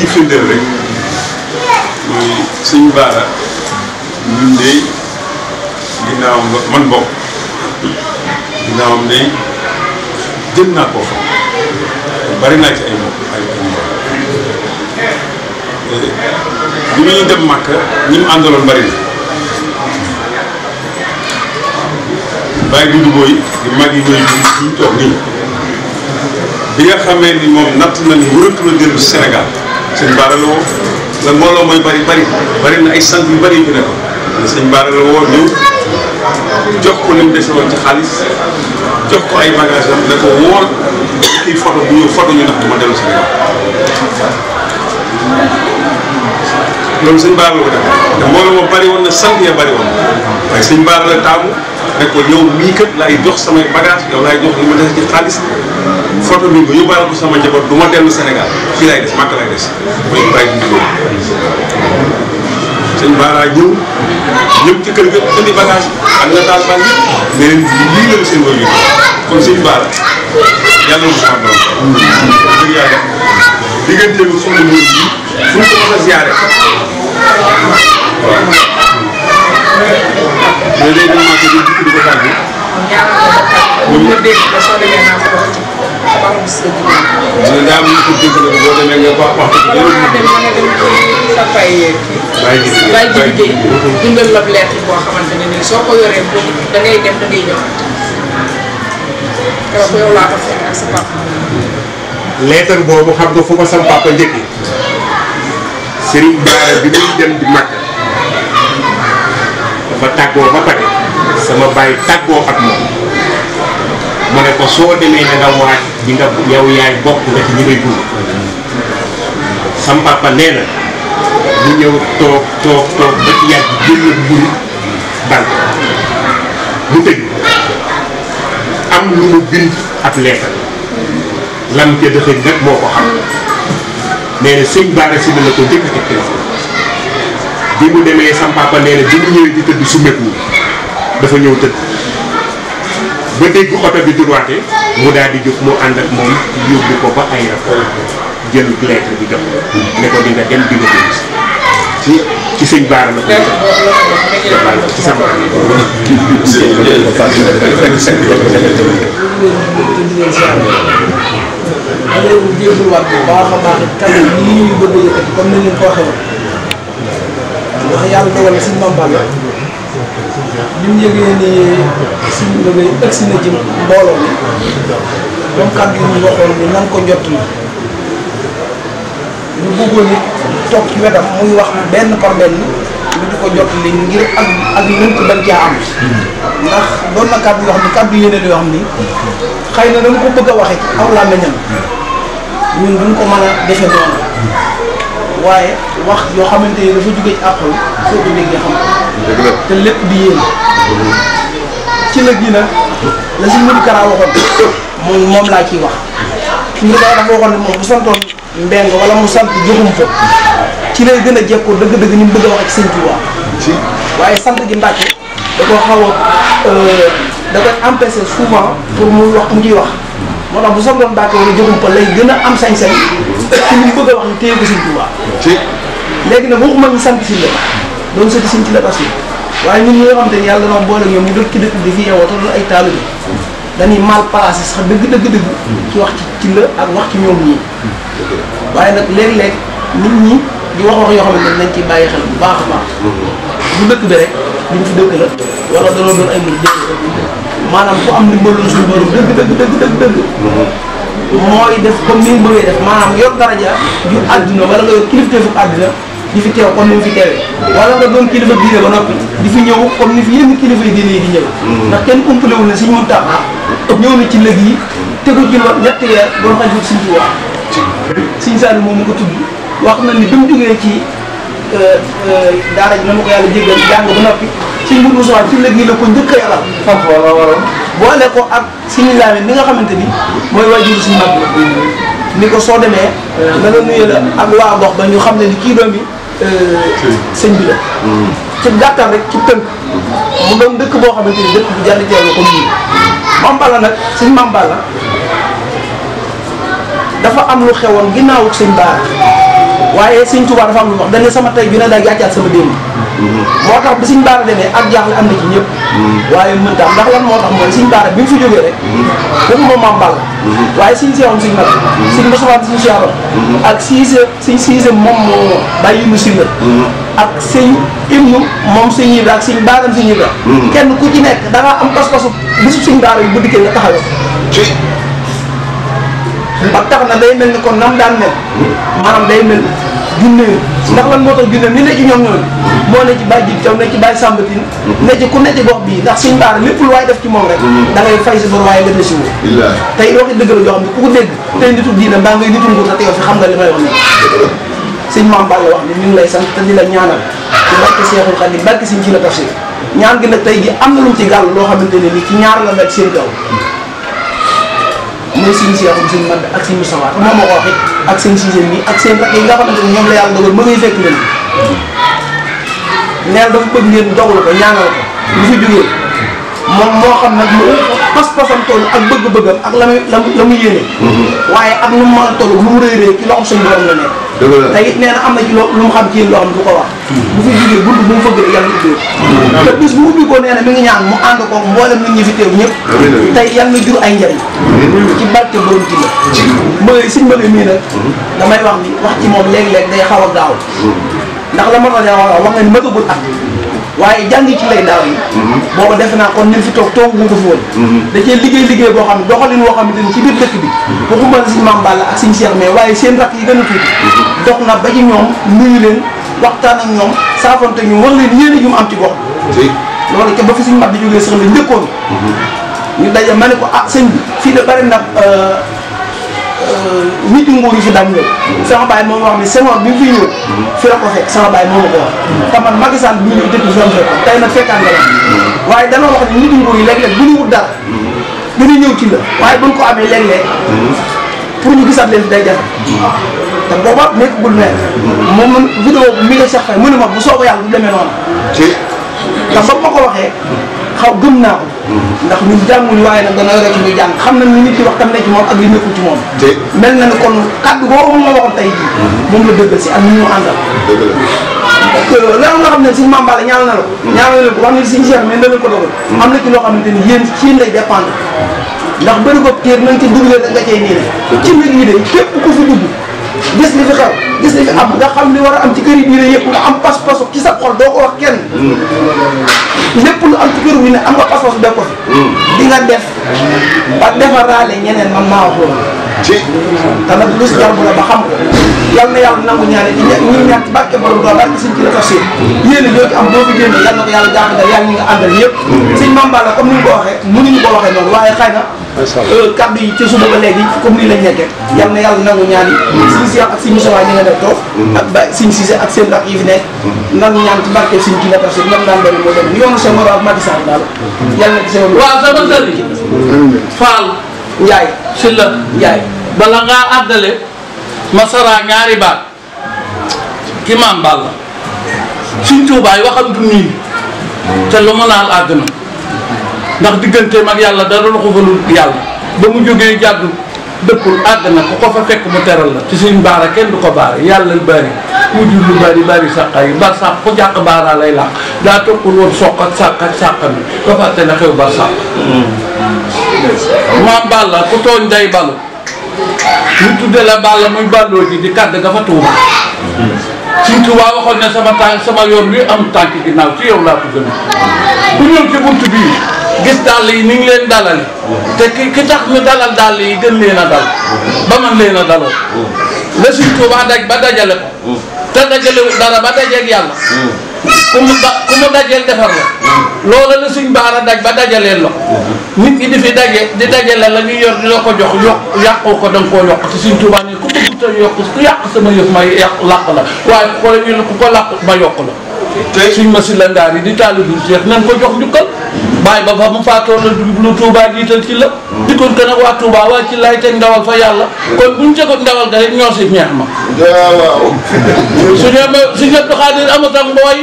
ciy firndeel rek mooy suñu baara ñun de ginnaawam man bokk ginnaawam de jëm naa koo xam bari naa ci ay mbokk ay eh, bi ñuy dem Màkka ñi mu àndaloon bari na bàyyi dundu booy di mag yi ñooy dund fi ñu toog bi nga xamee ni moom natt na ni wërëntu la dellu Sénégal sëñ Baara la woo lan mbooloo mooy bari bari bari na ay sant yu bari yu fi nekk sëñ Baara la woo ñëw jox ko li mu dese woon ci xaalis jox ko ay bagages am ne ko wóor kii photo bu ñëw photo ñu ndax dama si loolu sëñ Baara la ko bari woon na sant ya bari woon waaye sëñ Baara la taamu ne ko yow mii kat laay jox samay bagages yow laay jox li ma dese ci xaalis. photo bi ma yóbbaale ko sama njaboot du ma dellu Sénégal fii lay des Màkka lay des mooy Ibrahima Ndour. nga taal bànq mais lii la seen wàllu kon sëñ Baara yàlla na ko xam doon. dëgg yàlla diggante bi soxna Ndour a ziare. waaw. mais léegi nag maa ngi ko jël di ko tàggu. ñoom ñoo dégg ñu ñu ko ñu dem bay gi ak sa papa di Makka dafa ne ko soo demee na nga waaj di nga yow yaay bokk nga ci ñi ngay dund sam papa nee ñëw toog toog toog ba ci yàgg génn mburu bal mu tëj am lu mu bind ab leetal lam ca nag moo ko xam nee sëñ Bara Sylla la ko njëkk a teg téléphone bi mu demee sam papa nee bi mu ñëwee di tëdd su mékwu dafa ñëw tëdd ba dégg oto bi droite mu daal di jóg mu ànd ak moom yóbbu ko ba aéroport jël lettre bi jox ne ko di nga dem di ci ci sëñ Baara la ko jël ci sama ànd. wax yàlla bi mu yëgee ni suñu dangay ëgsi na ci mbooloo mi comme kàddu yi ñu waxoon ni nan ko njott na ñu bëggoon it toog ci wetam muy wax benn par benn ñu ko jot li ngir ak ak lënt dañ caa am ndax doon na kàddu yoo xam ni kàddu yéene yoo xam ni xëy na dañ ko bëgg a waxe aw làmmiñam ñun duñ ko mën a defe noonu waaye wax yoo xamante ni dafa jóge ci àqal soo ko déggee xam ko te lépp bi yéen ci nag gi nag la si mudi karaa waxoon moom moom laa ciy wax su mudi karaa dafa waxoon ne moom bu santoon mbeng wala mu sant joxum fa ci lay gën a jekkoo dëgg-dëgg ni mu bëgg ak sëñ Tuubaa waaye sant gi Mbàkke da ko xaw a euh, da koy empêché souvent pour muy wax mu ciy wax moo tax bu santoon Mbàkke wala joxum fa lay gën a am sañ-sañ te li mu bëgg a wax ñu téye ko Sëñ Tuubaa. léegi nag waxuma ñu sant si la doon sëti Sëñ ci la bas waaye ñun ñoo xam ne yàlla dañoo boole ñoom ñu dëkk ci dëkk bi fi yeewoo te ay taalibe dañuy mal placé sax dëgg dëgg dëgg. ci wax ci ci la ak wax ci ñoom ñii. waaye nag léeg-léeg nit ñi di wax wax yoo xam ne nañ ci bàyyi xel bu baax a baax. bu dëkk bi rek duñ fi dëkk la wala danoo doon ay mbir jënd maanaam ku am ndimbalu suñu borom dëgg dëgg dëgg dëgg dëgg. mooy def comme ni mu bëggee def maanaam yor daraja ju àdduna wala nga yor kilifteefu àdduna di fi teew comme ni mu fi teewee wala nga doon kilifa diine ba noppi di fi ñëw comme ni fi yenn kilifa yi diine yi di ñëw mm. ndax kenn umpalewul ne Sëriñ Muntaxa ñëw na ci lëg yi tegu ci wa ñetti weer doon xaj wut Sëriñ Tuubaa Sëriñ Saaliw moom mu ko tudd wax na ni bi mu jógee ci euh, euh, daara ji na ma ko yàlla jéggal jàng ba noppi Sëriñ Muusaa ci lëg yi la ko njëkk a yàlla xam nga wala boole ko ak suñu laamee mi nga xamante ni mooy waajur si mag ni ko soo demee na la nuyu la ak waa gox ba ñu xam ne ni kii doom yi euh, sëñ bi la hmm. ci gàttal rek ci tënk mu doon dëkk boo xamante ni dëkk bu jar teew la comme nii mambala nag suñ mambala dafa am lu xewoon ginnaawu sëñ baara waaye sëñ Tuubaa dafa am lu wax dañ sama tey bi ne daa yàccaat sama démb moo tax bi sëñ Baara demee ak jaaxle am na ci ñëpp waaye mën taam ndax lan moo tax mooy sëñ Baara bi mu fi jógee rek foofu moom maam Balla waaye sëñ seexoon sëñ mag ak siise sëñ moom moo bàyyi mu silla ak sëñ moom sëñ Ibra ak sëñ Baaram sëñ Ibra kenn ku ci nekk da ngaa am pas-pasu bisu sëñ Baara bi bu dikkee nga taxawee ba tax na day mel ni kon nam daan mel maanaam day mel junne ndax lan moo tax junne ni ne ci ñoom ñooñu moo ne ci bàyyi jib taw ne ci bàyyi sàmbatin ne ci ku ne ci def ci moom rek mm-hmm. da ngay fay si bor waaye nga desiwu tey waxi dëgg la joo ne ku ko dégg tey nitu diina mbaa ngay nitu nguur te yow fi xam nga li may wax ne sëñ Maam Balla wax ni ñu ngi lay sant te di la ñaanal ci barke Seexul Xadiim barke sëñ ci la tafsir ñaan gi nag tey ji am na luñ ci gàll loo xamante ne ni ci ñaar la nekk seen kaw mooy si seexum suñu mën ak suñu sawaat moom moo ko ak seen sujet bi ak seen nga xamante ne ñoom la yàlla dogal ma ngay fekk leen neel dafa bëgg ngeen dogal ko ñaanal ko lu fi jógee moom moo xam nag lu pas-pasam toll ak bëgg-bëggam ak la muy yéne mm-hmm. waye ak lu mal a toll lu reey réeree ci loxo suñu borom la nek te it nee na ci loo lu mu xam ci yéen loo xam du ko wax mm-hmm. bu fi jige bunt bu mu fëgg rek yalla ubbee mm-hmm. te bis bu ubbi ko neena mi ngi ñaan mu and ko mbolam nit ñi fi teew ñep tay yalla jur ay ndjay ci barke borom ci la mooy siñ mën a mii damay wax ni wax ci mom léeg-léeg day xawa gaaw ndax la mën a wax wax nga ni bu tax waaye jàngi ci lay daaw yi mhm. booba defe naa kon nim fi toog toog bu ko fi woon mhm. da cee liggéey liggéey boo xam ne doxalin woo xam ne dañ ci biir dëkk bi mhm. waxuma la siñ Maam Balla ak siñ Cheikh mais waaye seen rakk yi gën a dox na ba ci ñoom nuyu leen waxtaan ak ñoom saafante ñu war leen yéene ju mu am ci gox loolu ca ba fi suñu mat di jógee sax la ñu daje ma ne ko ah sëñ bi fii de bari na euh, Euh, nit ñu nguur yi fi daan ñëw sama baay moom wax ni Senghor bi fi ñëw fi la ko fekk sama baay moom la ko wax te man Macky Sall bi ñu dëkk fi am fekk fekkaan nga la waaye dama wax ni nit ñu nguur yi léeg-léeg bu ñu wut dara dañuy ñëw ci la waaye buñ ko amee léeg-léeg pour ñu gisaat leen fi day jafe te booba nekkagul mel moom man vidéo bi mi nga Cheikh Faye mu ne ma bu soobee yàlla du demee noonu te ba ma ko waxee xaw gëm naa ko. ndax ñun jànguñu waaye nag dana yore ci jàng xam nañ li nit ki wax tam ne ci moom ak li nekkul ci moom. mel na ni kon kàddu boobu moom la waxoon tey jii. Mm-hmm. moom la dëggal si ak ñu mu àndal. dëgg la loolu nga xam ne suñu mambaale ñaanal na la ko. Mm-hmm. ñaanal leen ko seen nañ si Cheikh mais dana ko dogal. Mm-hmm. am na ci loo xamante ni yéen ci lay dépendre. ndax bëri ko téer nañ ci dugalee da nga cay niile. ci mbir yi de képp ku fi dugg gis li fi xew gis nañu am nga xam li war a am ci kër yi diine yëpp nga am pas-pasu ci sa xol doo ko wax kenn. Hmm. lépp lu am ci kër wi ne am nga pas-pasu ko fi. Hmm. di nga def ba defaraale ñeneen man maa wax ci te nag lu si jàmbu la xam ko yal na yàlla nangu ñaane ñi ñaan barke borom doo barke sëñ ci a ci am ko yàlla jàppale yàlla ñi nga àndal yëpp sëñ Mamba la comme ni ñu ko waxee na kaddu ba si mm. ak nga def toof ak ba sëñ mm. moo dem yoonu seen morom ak Macky Sall daal yàlla na ci seen waaw sama sëriñ mm. Fall njaay sila njaay bala nga adale masara ñaari ba ki maam balla suñ tuubaay waxam du ni te lu ma laal aduna ndax digganteem mak yalla da do xufalul yalla ba mu jógee jaddu deppul aduna ko fa fekk mu teral la ci suñ baara kenn du ko baara lu bari mu lu bari bari sàqa ba bar ko ku jàq baara lay la da toppul won soq sakkat ko fa te na xew ba Mabala, balla ku balu. day ballu ñu tudde la balla muy balloo ji di kàdd ga fa tuuma suñ tuba waxoon ne sama tan, sama yoon wi am tànk ginnaaw ci yow laa ko gën ku ñëw ci bunt bii gis dàll yi ni ngi leen dalal te ki ki tax ñu dalal dàll yi gën leen a dal ba man leen a dalal la suñ tuba daj ba dajale ko te dajale dara ba dajeeg yàlla ku mu da defar la loola la suñ a daj ba dajaleen la nit ñi di fi daje di dajale la ñu yor di la ko jox yokk yàqoo ko da nga koo yokk te suñ tuubaa ne ku bëgg te yokk ku yàq sama la waaye ko ñu ku ko làq ma yokk la suñ masi la ngaar yi di taali dul seex nan ko jox njukkal bàyyi ba fa mu faatoo la jublu Touba jiital ci la dikkoon ko nag waa Touba waa ci lay teg ndawal fa yàlla kon buñ tegoon ndawal ga rek ñoo si ñeex ma waaw suñu suñu Abdou Khadir amut ak mbooy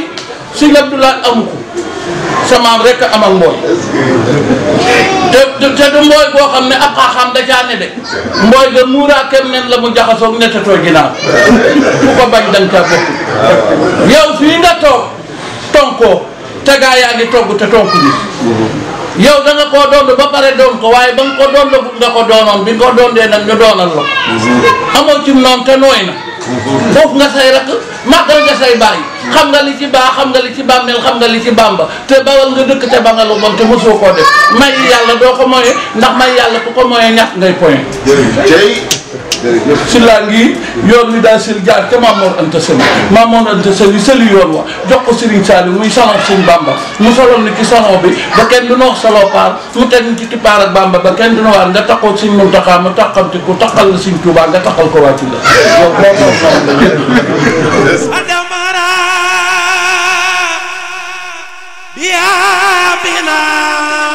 suñu Abdoulaye amu ko sa rek am ak mbooy te te du mbooy boo xam ne ab xaaxaam da caa ne de mbooy ga muuraakeem nen la mu jaxasoog nettatoo ginnaaw ku ko da nga yow fii nga toog tonkoo te gaa yaa ngi togg te tonk bi yow da koo doon ba pare doon ko waaye ba nga ko doon nga ko doonoon bi nga ko doon nag ñu doonal la amoo ci noonu te nooy na foofu nga say rakk màggal nga say bàyyi xam nga li ci baa xam nga li ci bàmmeel xam nga li ci bàmba te bawal nga dëkk te ba nga lu bon te mosoo koo def may yàlla doo ko moye ndax may yàlla ku ko moye ñàkk ngay point silla ngi yoon wi daal seen jaar ca Mamour Anta Sali Mamour Anta Sali seli yoon wa jox ko Serigne Saliou muy salon Serigne Bamba mu soloon ni ci salon bi ba kenn du noo saloo paar mu teg ni ci tipaar ak Bamba ba kenn du noo waar nga taxoo Serigne Mountakha mu taxamti ku taxal la Serigne Touba nga taxal ko wàccu la adamara biya bina